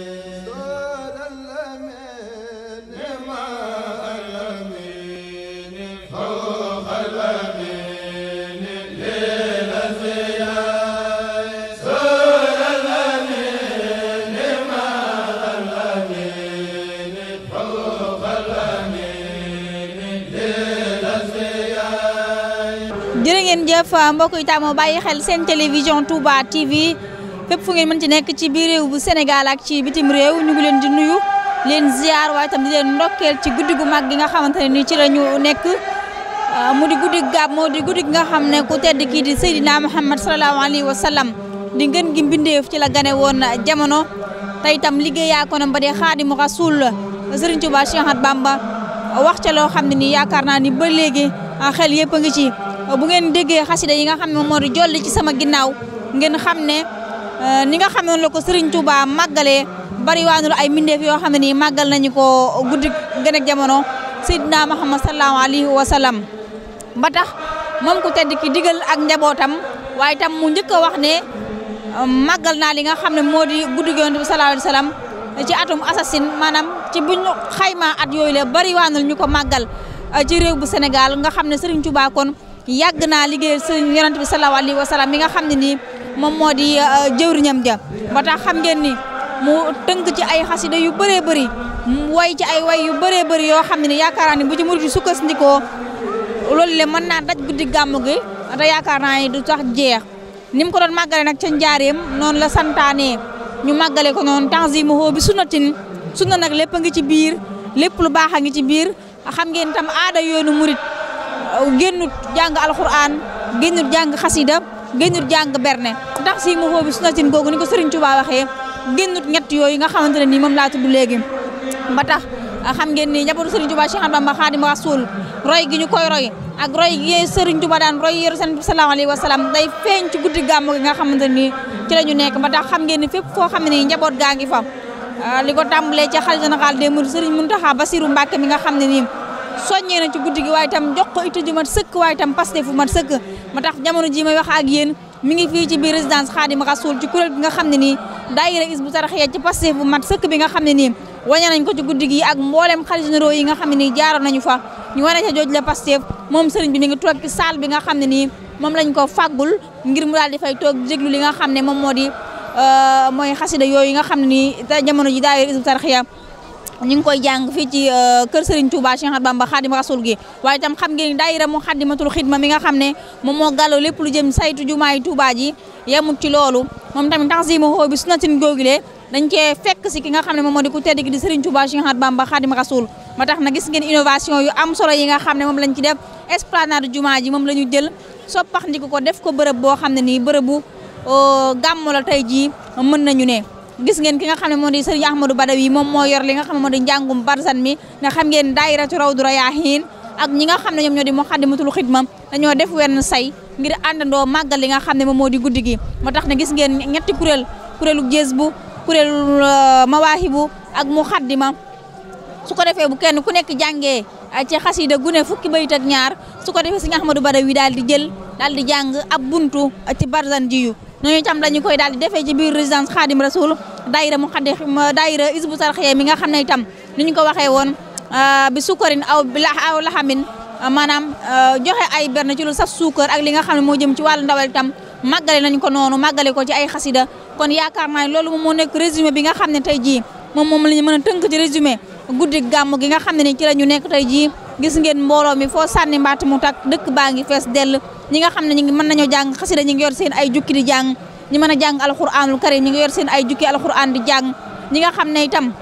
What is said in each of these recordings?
jërë ngeen jëf mbokk yi taamu bàyyi xel seen télévision Touba TV fépp fu ngeen mën ci nekk ci biir réew bu Sénégal ak ci bitim réew ñu ngi leen di nuyu leen ziar waaye tam di leen ndokkeel ci guddi gu mag gi nga xamante ne ni ci la ñu nekk ah, mu di guddi gaab moo di guddi gi nga xam ne ku tedd kii di Seydina Muhammad sallallahu alayhi wa sallam ni ngeen gi mbindeef ci la gane woon jamono tey itam liggéey ko nam ba dee xaadimu rasul Serigne Touba Cheikh Ahmad Bamba wax ca loo xam ne ni yaakaar naa ni ba léegi ah, xel yëpp a ngi ci bu ngeen déggee xasida yi nga xam ne moo di jolli ci sama ginnaaw ngeen xam ne Euh, ni nga xam ne la ko Serigne Touba màggalee bari waanul ay mbindeef yoo xam ne nii màggal nañu ko guddi gën ak jamono Seydina Muhammad sallallahu alayhi wa sallam ba tax moom ku tedd ki ak njabootam waaye tam mu njëkk a wax ne euh, màggal naa li nga xam ne moo di guddi Yonent bi sallallahu alayhi wa ci atum assasine maanaam ci bu ñu xaymaa at yooyu la bari waanul ñu ko màggal euh, ci réew bu Sénégal nga xam ne Serigne Touba kon yàgg naa liggéeyal Serigne Yonent bi sallallahu alayhi wa mi nga xam ne nii moom moo di euh, jëwriñam ja ba tax xam ngeen ni mu tënk ci ay xasida yu bëree bëri way ci ay way yu bëree bëri yoo xam ne yaakaar naa ni bu ci murid sukkandikoo loolu le mën naa daj guddi gàmmu gi te yaakaar naa ni du sax jeex ni mu ko doon màggale nag ca njaareem noonu la santaane ñu màggale ko noonu tanzimuhu bi sunnatin sunna nag lépp a ngi ci biir lépp lu baax a ngi ci biir xam ngeen tam aada yoonu murit génnut jàng alxuraan génnut jàng xasida génnut jàng berne ndax si mu xoobi sunatin googu ni ko Serigne Touba waxee génnut ñett yooyu nga xamante ne nii moom laa tudd léegi ba tax xam ngeen ni njabootu Serigne Touba Cheikh Bamba Khadim Rasoul roy gi ñu koy roy ak roy gi Serigne Touba daan roy yéru seen sallallahu alayhi wa salaam day feeñ ci guddi gàmm gi nga xamante ni ci ñu nekk ba tax xam ngeen ni fépp foo xam ne nii njaboot gaa ngi fa ah, li ko tàmbalee ci xalifa général des mourides Serigne Mountakha Bassirou Mbacké mi nga xam ne nii soññee na ci guddi gi waaye itam jox ko itti ju mat sëkk waaye itam paste fu mat sëkk ma tax jamono ji ma wax ak yéen mi ngi fii ci biir résidence Xaadim Rasuul ci kuréel bi nga xam ne nii daayira Hizbut Tarqiyyah ci paste fu mat sëkk bi nga xam ne ni waña nañ ko ci guddi gi ak mboolem xalifa généraux yi nga xam ne nii jaaroon nañu fa ñu wane ca jooj la Pastef moom sëriñ bi mi ngi toog ci salle bi nga xam ne ni moom lañ ko fàggul ngir mu daal di fay toog déglu li nga xam ne moom moo di euh, mooy xasida yooyu nga xam ni nii jamono ji daayira Hizbut Tarqiyyah ñu ngi koy jàng fii ci euh, kër Serigne Touba Cheikh Ahmadou Bamba Khadim Rasoul gi waaye itam xam ngeen daayira mu Xadimatul Xidma mi nga xam ne moom moo gàllu lépp lu jëm saytu jumaay Touba ji yemut ci loolu moom tamit tanzima xoo bi sunatin googilee dañ cee fekk si ki nga xam ne moom moo di ku tedd ki di Serigne Touba Cheikh Ahmadou Bamba Khadim Rasoul ma tax na gis ngeen am solo yi nga xam ne moom lañ ci def esplanade jumaa ji moom la ñu jël soppax ndiku ko def ko bërëb boo xam ne nii bërëbu euh, gàmmu la tey jii mën nañu ne gis ngeen ki nga xam ne moo di sëriñ Ahmadou Badawi moom moo yor li nga xam ne moo di njàngum Barzan mi ne xam ngeen daayiratu Rawdu Rayaahiin ak ñi nga xam ne ñoom ñoo di Muxaddamatul Xidma dañoo def wenn say ngir àndandoo màggal li nga xam ne moom moo di guddi gi moo tax ne gis ngeen ñetti kuréel kuréelu gées bu kuréelu euh, mawaahibu ak mu muxaddima su ko defee bu kenn ku nekk jàngee euh, ci xasida gune fukki bayit ak ñaar su ko defee sëriñ Ahmadou Badawi daal di jël daal di jàng ab buntu ci Barzan ji ñooñu tam la koy daal di defee ci biir résidence Khadim Rasoul daayira mu xaddi daayira isbu sarxee mi nga xam ne tam ni ñu ko waxee woon euh, bi sukkarin aw bi la aw laxamin maanaam euh, joxe ay berne ci lu sa suukar ak li nga xam ne moo jëm ci wàllu ndawal itam màggale nañ ko noonu màggale ko ci ay xasida kon yaakaar naa ne loolu moom moo nekk résumé bi nga xam ne tey ji moom moom la ñu mën a tënk ci résumé guddi gàmm gi nga xam ne ni ci la ñu nekk tey jii gis ngeen mbooloo mi foo sànni mbaat mu tak dëkk baa ngi fees dell ñi nga xam ne ñu ngi mën nañoo jàng xasida ñi ngi yor seen ay jukki di jàng ñi mën a jàng alxuraanul karim ñi ngi yor seen ay jukki alxuraan di jàng ñi nga xam ne itam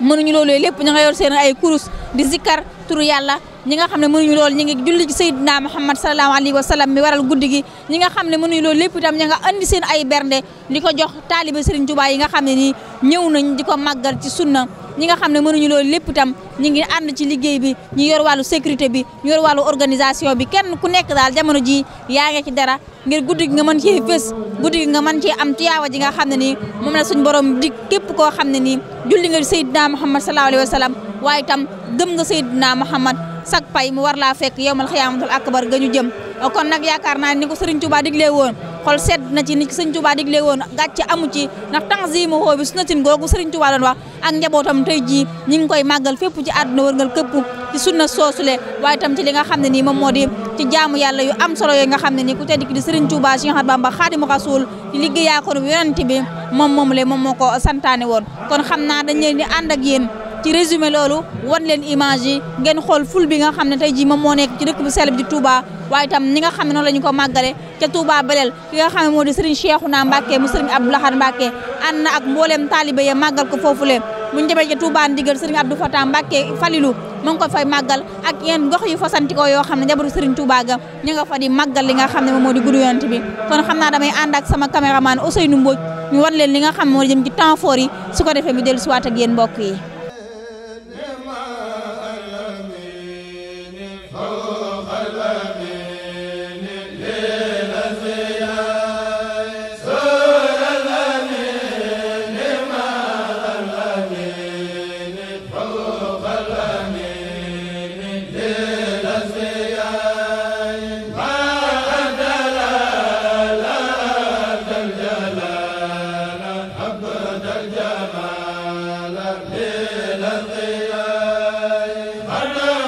mënuñu loolu lépp ñi nga yor seen ay kurus di zikkar turu yàlla ñi nga xam ne mënuñu loolu ñi ngi julli ci sayyidina muhammad sallallahu alayhi wa sallam mi waral guddi gi ñi xam ne mënuñu loolu lépp itam ña nga andi seen ay bernde di ko jox taalibe Serigne Touba yi nga xam ne nii ñëw nañ di ko màggal ci sunna ñi nga xam ne mënuñu loolu lépp itam ñi ngi ànd ci liggéey bi ñu yor wàllu sécurité bi ñu yor wàllu organisation bi kenn ku nekk daal jamono ji yaa ngi ci dara ngir guddi gi nga mën cee fës guddi gi nga mën ci am tiyaawa ji nga xam ne ni moom na suñ borom di képp koo xam ne nii julli nga Seydina Muhammad sallallahu alayhi wa sallam waaye itam gëm nga Seydina Muhammad sak pay mu war laa fekk yowmal xiyaamatul akbar ga ñu jëm kon nag yaakaar naa ni ko Serigne Touba digle woon xol sedd na ci ni sëñ Touba digle woon gàcce amu ci ndax tanzimu xoo bi sunnatin googu sëriñ Touba doon wax ak njabootam tey jii ñi ngi koy màggal fépp ci àdduna wërngal këpp ci sunna soosule waaye itam ci li nga xam ne nii moom moo di ci jaamu yàlla yu am solo yooyu nga xam ne nii ku tedd ki di sëriñ Touba Cheikh Ahmadou Bamba Khadimu Rasul di liggéey yaa ko yonent bi moom moom le moom moo ko santaane woon kon xam naa dañ leen di ànd ak yéen ci résumé loolu wan leen image ngeen xool ful bi nga xam ne tey jii ma moo nekk ci dëkk bu sell bi di Touba waaye itam ni nga xam ne noonu la ñu ko màggale ca Touba Belel ki nga xam ne moo di Serigne Cheikhouna Mbacké mu Serigne Abdou Lahad Mbacké ànd na ak mbooleem taalibe ye màggal ko foofulee bu ñu demee ca Touba ndigal Serigne Abdou Fatah Mbacké Falilou mu ngi ko fay màggal ak yenn gox yu fasantikoo yoo xam ne jabaru Serigne Touba ga ñu nga fa di li nga xam ne moom moo di guddi naa damay ànd ak sama caméraman Ousseynou Mbodj ñu wan leen li nga xam moo jëm ci temps fort su ko defee mu dellu siwaat ak mbokk yi la